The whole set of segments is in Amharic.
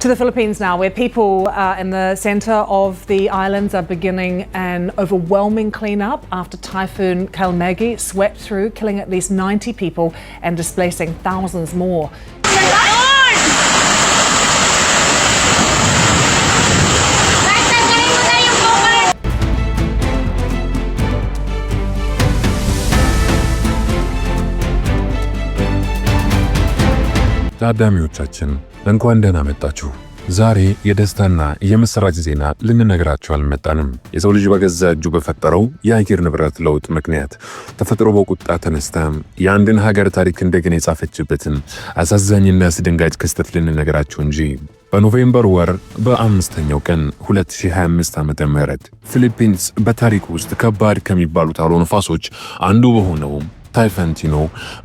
to the Philippines now, where people uh, in the centre of the islands are beginning an overwhelming cleanup after Typhoon Kalmagi swept through, killing at least 90 people and displacing thousands more. ታዳሚዎቻችን እንኳን ደህና መጣችሁ። ዛሬ የደስታና የምስራች ዜና ልንነግራችሁ አልመጣንም። የሰው ልጅ በገዛ እጁ በፈጠረው የአየር ንብረት ለውጥ ምክንያት ተፈጥሮ በቁጣ ተነስታ የአንድን ሀገር ታሪክ እንደገና የጻፈችበትን አሳዛኝና አስደንጋጭ ክስተት ልንነግራችሁ እንጂ በኖቬምበር ወር በአምስተኛው ቀን 2025 ዓ ም ፊሊፒንስ በታሪክ ውስጥ ከባድ ከሚባሉት አውሎ ነፋሶች አንዱ በሆነው ፈንቲኖ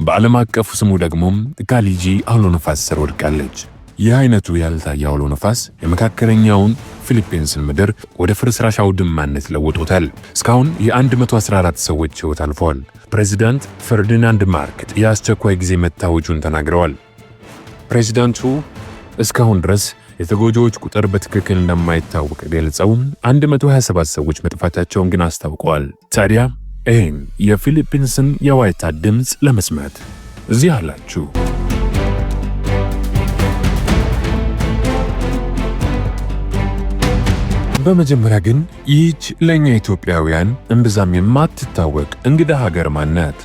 በዓለም አቀፉ ስሙ ደግሞ ካሊጂ አውሎ ነፋስ ስር ወድቃለች። ይህ አይነቱ ያልታየ አውሎ ነፋስ የመካከለኛውን ፊሊፒንስን ምድር ወደ ፍርስራሽ አውድማነት ለውጦታል። እስካሁን የ114 ሰዎች ሕይወት አልፈዋል። ፕሬዚዳንት ፈርዲናንድ ማርክ የአስቸኳይ ጊዜ መታወጁን ተናግረዋል። ፕሬዚዳንቱ እስካሁን ድረስ የተጎጂዎች ቁጥር በትክክል እንደማይታወቅ ገልጸው 127 ሰዎች መጥፋታቸውን ግን አስታውቀዋል። ታዲያ ይህም የፊሊፒንስን የዋይታ ድምፅ ለመስማት እዚህ አላችሁ። በመጀመሪያ ግን ይህች ለእኛ ኢትዮጵያውያን እምብዛም የማትታወቅ እንግዳ ሀገር ማናት?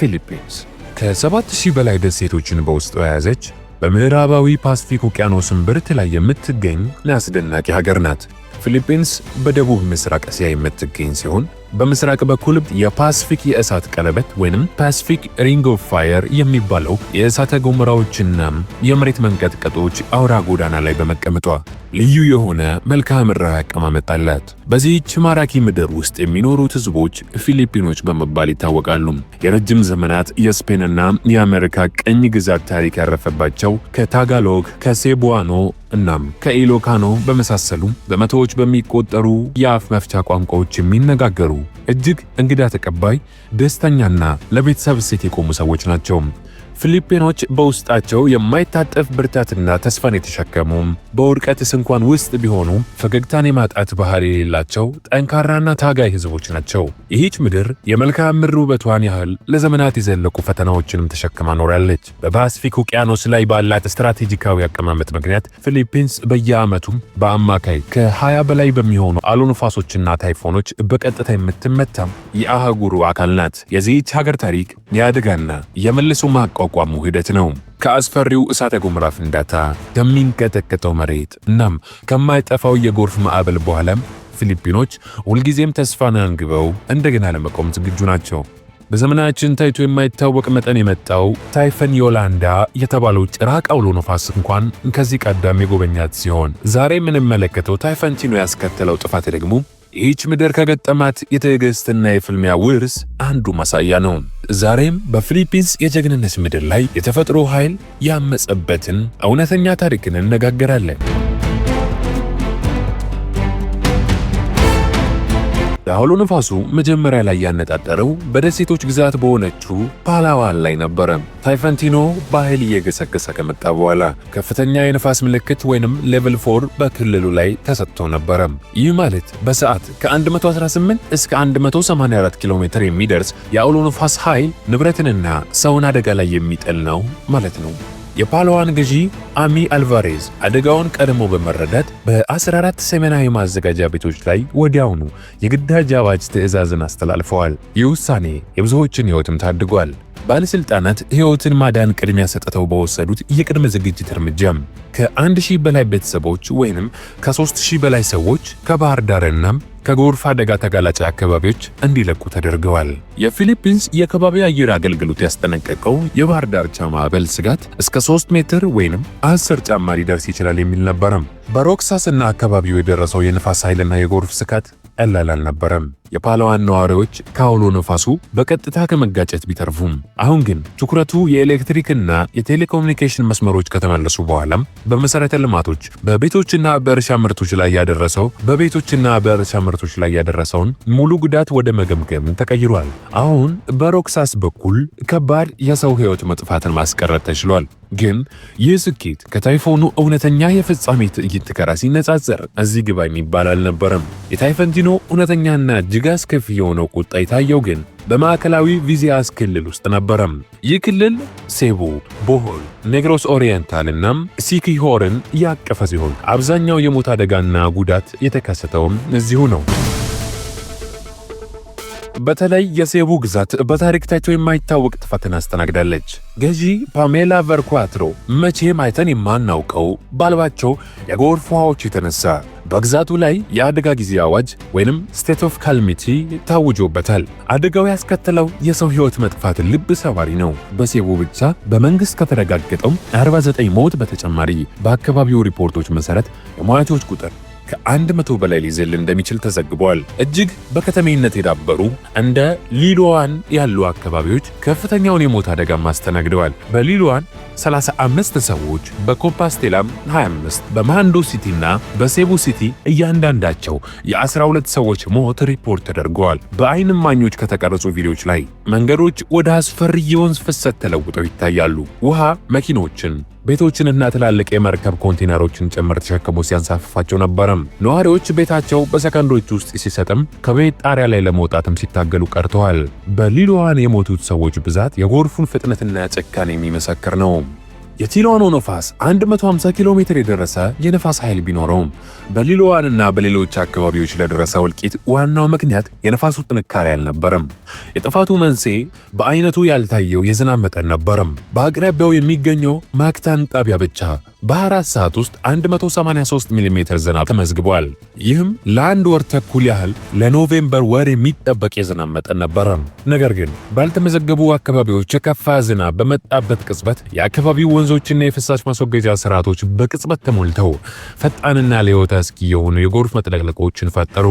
ፊሊፒንስ ከሰባት ሺህ በላይ ደሴቶችን በውስጡ የያዘች በምዕራባዊ ፓስፊክ ውቅያኖስን ብርት ላይ የምትገኝ አስደናቂ ሀገር ናት። ፊሊፒንስ በደቡብ ምስራቅ እስያ የምትገኝ ሲሆን በምስራቅ በኩል የፓስፊክ የእሳት ቀለበት ወይም ፓስፊክ ሪንግ ኦፍ ፋየር የሚባለው የእሳተ ገሞራዎችና የመሬት መንቀጥቀጦች አውራ ጎዳና ላይ በመቀመጧ ልዩ የሆነ መልክዓ ምድራዊ አቀማመጥ አላት። በዚህች ማራኪ ምድር ውስጥ የሚኖሩት ህዝቦች ፊሊፒኖች በመባል ይታወቃሉ። የረጅም ዘመናት የስፔንና የአሜሪካ ቅኝ ግዛት ታሪክ ያረፈባቸው ከታጋሎግ ከሴቡዋኖ እናም ከኢሎካኖ በመሳሰሉ በመቶዎች በሚቆጠሩ የአፍ መፍቻ ቋንቋዎች የሚነጋገሩ እጅግ እንግዳ ተቀባይ፣ ደስተኛና ለቤተሰብ እሴት የቆሙ ሰዎች ናቸው። ፊሊፒኖች በውስጣቸው የማይታጠፍ ብርታትና ተስፋን የተሸከሙ በውድቀትስ እንኳን ውስጥ ቢሆኑ ፈገግታን የማጣት ባህሪ የሌላቸው ጠንካራና ታጋይ ህዝቦች ናቸው። ይህች ምድር የመልክዓ ምድር ውበቷን ያህል ለዘመናት የዘለቁ ፈተናዎችንም ተሸክማ ኖራለች። በፓስፊክ ውቅያኖስ ላይ ባላት ስትራቴጂካዊ አቀማመጥ ምክንያት ፊሊፒንስ በየዓመቱም በአማካይ ከ20 በላይ በሚሆኑ አሎ ታይፎኖች በቀጥታ የምትመታም የአህጉሩ አካል ናት። የዚህች ሀገር ታሪክ የአደጋና የመልሶ ማቋ የማቋቋሙ ሂደት ነው። ከአስፈሪው እሳተ ገሞራ ፍንዳታ፣ ከሚንቀጠቀጠው መሬት እናም ከማይጠፋው የጎርፍ ማዕበል በኋላም ፊሊፒኖች ሁልጊዜም ተስፋን አንግበው እንደገና ለመቆም ዝግጁ ናቸው። በዘመናችን ታይቶ የማይታወቅ መጠን የመጣው ታይፈን ዮላንዳ የተባለው ጭራቅ አውሎ ነፋስ እንኳን ከዚህ ቀደም የጎበኛት ሲሆን ዛሬ የምንመለከተው ታይፈን ቲኖ ያስከተለው ጥፋት ደግሞ ይህች ምድር ከገጠማት የትዕግስትና የፍልሚያ ውርስ አንዱ ማሳያ ነው። ዛሬም በፊሊፒንስ የጀግንነት ምድር ላይ የተፈጥሮ ኃይል ያመጸበትን እውነተኛ ታሪክ እነጋገራለን የአውሎ ነፋሱ መጀመሪያ ላይ ያነጣጠረው በደሴቶች ግዛት በሆነችው ፓላዋን ላይ ነበረ። ታይፈንቲኖ ባህል እየገሰገሰ ከመጣ በኋላ ከፍተኛ የነፋስ ምልክት ወይንም ሌቨል 4 በክልሉ ላይ ተሰጥቶ ነበረ። ይህ ማለት በሰዓት ከ118 እስከ 184 ኪሎ ሜትር የሚደርስ የአውሎ ነፋስ ኃይል ንብረትንና ሰውን አደጋ ላይ የሚጥል ነው ማለት ነው። የፓሎዋን ገዢ አሚ አልቫሬዝ አደጋውን ቀድሞ በመረዳት በ14 ሰሜናዊ ማዘጋጃ ቤቶች ላይ ወዲያውኑ የግዳጅ አዋጅ ትዕዛዝን አስተላልፈዋል። ይህ ውሳኔ የብዙዎችን ሕይወትም ታድጓል። ባለሥልጣናት ሕይወትን ማዳን ቅድሚያ ሰጥተው በወሰዱት የቅድመ ዝግጅት እርምጃም ከ1000 በላይ ቤተሰቦች ወይንም ከ3000 በላይ ሰዎች ከባህር ዳርናም ከጎርፍ አደጋ ተጋላጭ አካባቢዎች እንዲለቁ ተደርገዋል። የፊሊፒንስ የከባቢ አየር አገልግሎት ያስጠነቀቀው የባህር ዳርቻ ማዕበል ስጋት እስከ 3 ሜትር ወይም 10 ጫማ ሊደርስ ይችላል የሚል ነበረም። እና አካባቢው የደረሰው የንፋስ ኃይልና የጎርፍ ስጋት ቀላል አልነበረም። የፓላዋን ነዋሪዎች ከአውሎ ነፋሱ በቀጥታ ከመጋጨት ቢተርፉም፣ አሁን ግን ትኩረቱ የኤሌክትሪክና የቴሌኮሙኒኬሽን መስመሮች ከተመለሱ በኋላም በመሰረተ ልማቶች በቤቶችና በእርሻ ምርቶች ላይ ያደረሰው በቤቶችና በእርሻ ምርቶች ላይ ያደረሰውን ሙሉ ጉዳት ወደ መገምገም ተቀይሯል። አሁን በሮክሳስ በኩል ከባድ የሰው ህይወት መጥፋትን ማስቀረት ተችሏል። ግን ይህ ስኬት ከታይፎኑ እውነተኛ የፍጻሜ ትዕይንት ጋር ሲነጻጸር እዚህ ግባ የሚባል አልነበረም። የታይፈንቲኖ እውነተኛና እጅግ እጅግ አስከፊ የሆነው ቁጣ የታየው ግን በማዕከላዊ ቪዚያስ ክልል ውስጥ ነበረም። ይህ ክልል ሴቡ፣ ቦሆል፣ ኔግሮስ ኦሪየንታል እና ሲኪሆርን ያቀፈ ሲሆን አብዛኛው የሞት አደጋና ጉዳት የተከሰተውም እዚሁ ነው። በተለይ የሴቡ ግዛት በታሪክ ታይቶ የማይታወቅ ጥፋትን አስተናግዳለች። ገዢ ፓሜላ ቨርኳትሮ መቼም አይተን የማናውቀው ባልባቸው የጎርፍ ውሃዎች የተነሳ በግዛቱ ላይ የአደጋ ጊዜ አዋጅ ወይንም ስቴት ኦፍ ካልሚቲ ታውጆበታል። አደጋው ያስከተለው የሰው ሕይወት መጥፋት ልብ ሰባሪ ነው። በሴቡ ብቻ በመንግሥት ከተረጋገጠው 49 ሞት በተጨማሪ በአካባቢው ሪፖርቶች መሠረት የሟቾች ቁጥር ከአንድ መቶ በላይ ሊዘል እንደሚችል ተዘግቧል። እጅግ በከተሜነት የዳበሩ እንደ ሊሎዋን ያሉ አካባቢዎች ከፍተኛውን የሞት አደጋም አስተናግደዋል። በሊሎዋን 35 ሰዎች በኮፓስቴላም 25 በማንዶ እና በሴቡ ሲቲ እያንዳንዳቸው የ12 ሰዎች ሞት ሪፖርት ተደርገዋል። በአይን ማኞች ከተቀረጹ ቪዲዮዎች ላይ መንገዶች ወደ አስፈሪ የወንዝ ፍሰት ተለውጠው ይታያሉ። ውሃ መኪኖችን ቤቶችንና ትላልቅ የመርከብ ኮንቴነሮችን ጭምር ተሸክሞ ሲያንሳፍፋቸው ነበር። ነዋሪዎች ቤታቸው በሰከንዶች ውስጥ ሲሰጥም ከቤት ጣሪያ ላይ ለመውጣትም ሲታገሉ ቀርተዋል። በሊሎዋን የሞቱት ሰዎች ብዛት የጎርፉን ፍጥነትና ጭካኔ የሚመሰክር ነው። የቲሎዋኖ ነፋስ 150 ኪሎ ሜትር የደረሰ የነፋስ ኃይል ቢኖረውም በሊሎዋንና በሌሎች አካባቢዎች ለደረሰ እልቂት ዋናው ምክንያት የነፋሱ ጥንካሬ አልነበረም። የጥፋቱ መንስኤ በአይነቱ ያልታየው የዝናብ መጠን ነበረም። በአቅራቢያው የሚገኘው ማክታን ጣቢያ ብቻ በ24 ሰዓት ውስጥ 183 ሚሜ ዝናብ ተመዝግቧል። ይህም ለአንድ ወር ተኩል ያህል ለኖቬምበር ወር የሚጠበቅ የዝናብ መጠን ነበረ። ነገር ግን ባልተመዘገቡ አካባቢዎች የከፋ ዝናብ በመጣበት ቅጽበት የአካባቢው ወንዞችና የፍሳሽ ማስወገጃ ስርዓቶች በቅጽበት ተሞልተው ፈጣንና ለሕይወት አስጊ የሆኑ የጎርፍ መጥለቅለቆችን ፈጠሩ።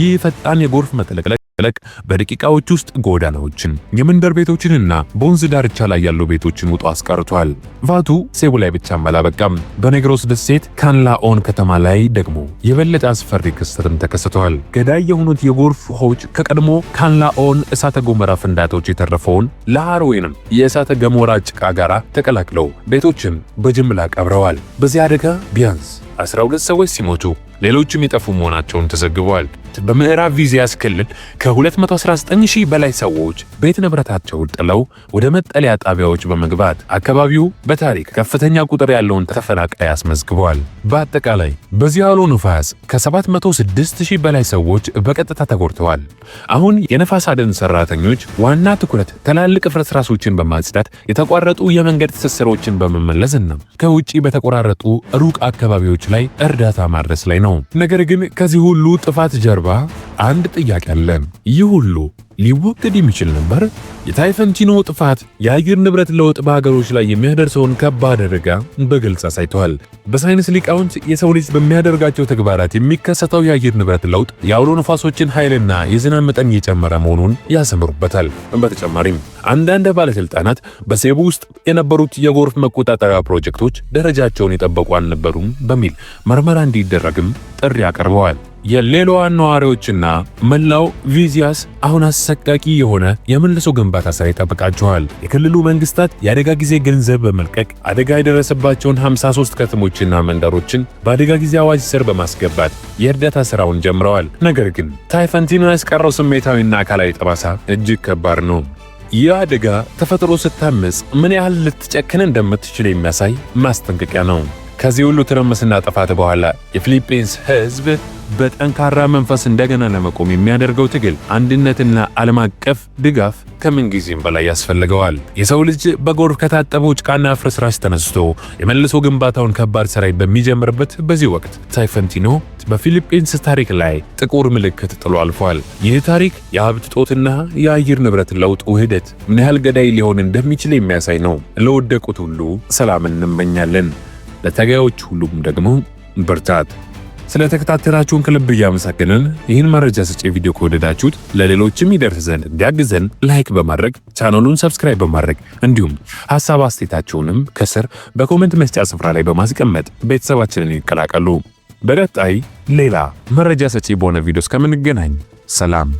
ይህ ፈጣን የጎርፍ መጥለቅለቅ ለቅ በደቂቃዎች ውስጥ ጎዳናዎችን፣ የመንደር ቤቶችንና በወንዝ ዳርቻ ላይ ያሉ ቤቶችን ውጦ አስቀርቷል። ቫቱ ሴቡ ላይ ብቻም አላበቃም። በኔግሮስ ደሴት ካንላኦን ከተማ ላይ ደግሞ የበለጠ አስፈሪ ክስተትም ተከስተዋል። ገዳይ የሆኑት የጎርፍ ውሃዎች ከቀድሞ ካንላኦን እሳተ ገሞራ ፍንዳቶች የተረፈውን ለሃር ወይንም የእሳተ ገሞራ ጭቃ ጋራ ተቀላቅለው ቤቶችን በጅምላ ቀብረዋል። በዚህ አደጋ ቢያንስ 12 ሰዎች ሲሞቱ ሌሎችም የጠፉ መሆናቸውን ተዘግቧል። በምዕራብ ቪዚያስ ክልል ከ219000 በላይ ሰዎች ቤት ንብረታቸውን ጥለው ወደ መጠለያ ጣቢያዎች በመግባት አካባቢው በታሪክ ከፍተኛ ቁጥር ያለውን ተፈናቃይ አስመዝግቧል። በአጠቃላይ በዚህ አውሎ ንፋስ ከ ሺህ በላይ ሰዎች በቀጥታ ተጎድተዋል። አሁን የነፋስ አደን ሰራተኞች ዋና ትኩረት ትላልቅ ፍርስራሾችን በማጽዳት የተቋረጡ የመንገድ ትስስሮችን በመመለስና ከውጪ በተቆራረጡ ሩቅ አካባቢዎች ላይ እርዳታ ማድረስ ላይ ነው። ነገር ግን ከዚህ ሁሉ ጥፋት ጀርባ አንድ ጥያቄ አለ። ይህ ሁሉ ሊወገድ የሚችል ነበር። የታይፈንቲኖ ጥፋት የአየር ንብረት ለውጥ በሀገሮች ላይ የሚያደርሰውን ከባድ አደጋ በግልጽ አሳይተዋል። በሳይንስ ሊቃውንት የሰው ልጅ በሚያደርጋቸው ተግባራት የሚከሰተው የአየር ንብረት ለውጥ የአውሎ ነፋሶችን ኃይልና የዝናብ መጠን እየጨመረ መሆኑን ያሰምሩበታል። በተጨማሪም አንዳንድ ባለስልጣናት በሴቡ ውስጥ የነበሩት የጎርፍ መቆጣጠሪያ ፕሮጀክቶች ደረጃቸውን የጠበቁ አልነበሩም በሚል ምርመራ እንዲደረግም ጥሪ አቀርበዋል። የሌሎዋን ነዋሪዎችና መላው ቪዚያስ አሁን አሰቃቂ የሆነ የመልሶ ግንባታ ስራ ይጠብቃቸዋል። የክልሉ መንግስታት የአደጋ ጊዜ ገንዘብ በመልቀቅ አደጋ የደረሰባቸውን 53 ከተሞችና መንደሮችን በአደጋ ጊዜ አዋጅ ስር በማስገባት የእርዳታ ስራውን ጀምረዋል። ነገር ግን ታይፈንቲኖ ያስቀረው ስሜታዊና አካላዊ ጠባሳ እጅግ ከባድ ነው። ይህ አደጋ ተፈጥሮ ስታምጽ ምን ያህል ልትጨክን እንደምትችል የሚያሳይ ማስጠንቀቂያ ነው። ከዚህ ሁሉ ትርምስና ጥፋት በኋላ የፊሊፒንስ ህዝብ በጠንካራ መንፈስ እንደገና ለመቆም የሚያደርገው ትግል አንድነትና ዓለም አቀፍ ድጋፍ ከምን በላይ ያስፈልገዋል። የሰው ልጅ በጎርፍ ከታጠበው ጭቃና ፍርስራሽ ተነስቶ የመልሶ ግንባታውን ከባድ ሥራ በሚጀምርበት በዚህ ወቅት ታይፈንቲኖ በፊሊፒንስ ታሪክ ላይ ጥቁር ምልክት ጥሎ አልፏል። ይህ ታሪክ የሀብት ጦትና የአየር ንብረት ለውጥ ውህደት ምን ያህል ገዳይ ሊሆን እንደሚችል የሚያሳይ ነው። ለወደቁት ሁሉ ሰላም እንመኛለን፣ ለተጋዮች ሁሉም ደግሞ ብርታት። ስለተከታተላችሁን ከልብ እያመሰገንን ይህን መረጃ ሰጪ ቪዲዮ ከወደዳችሁት ለሌሎችም ይደርስ ዘንድ እንዲያግዘን ላይክ በማድረግ ቻናሉን ሰብስክራይብ በማድረግ እንዲሁም ሀሳብ አስተያየታችሁንም ከስር በኮመንት መስጫ ስፍራ ላይ በማስቀመጥ ቤተሰባችንን ይቀላቀሉ። በቀጣይ ሌላ መረጃ ሰጪ በሆነ ቪዲዮ እስከምንገናኝ ሰላም።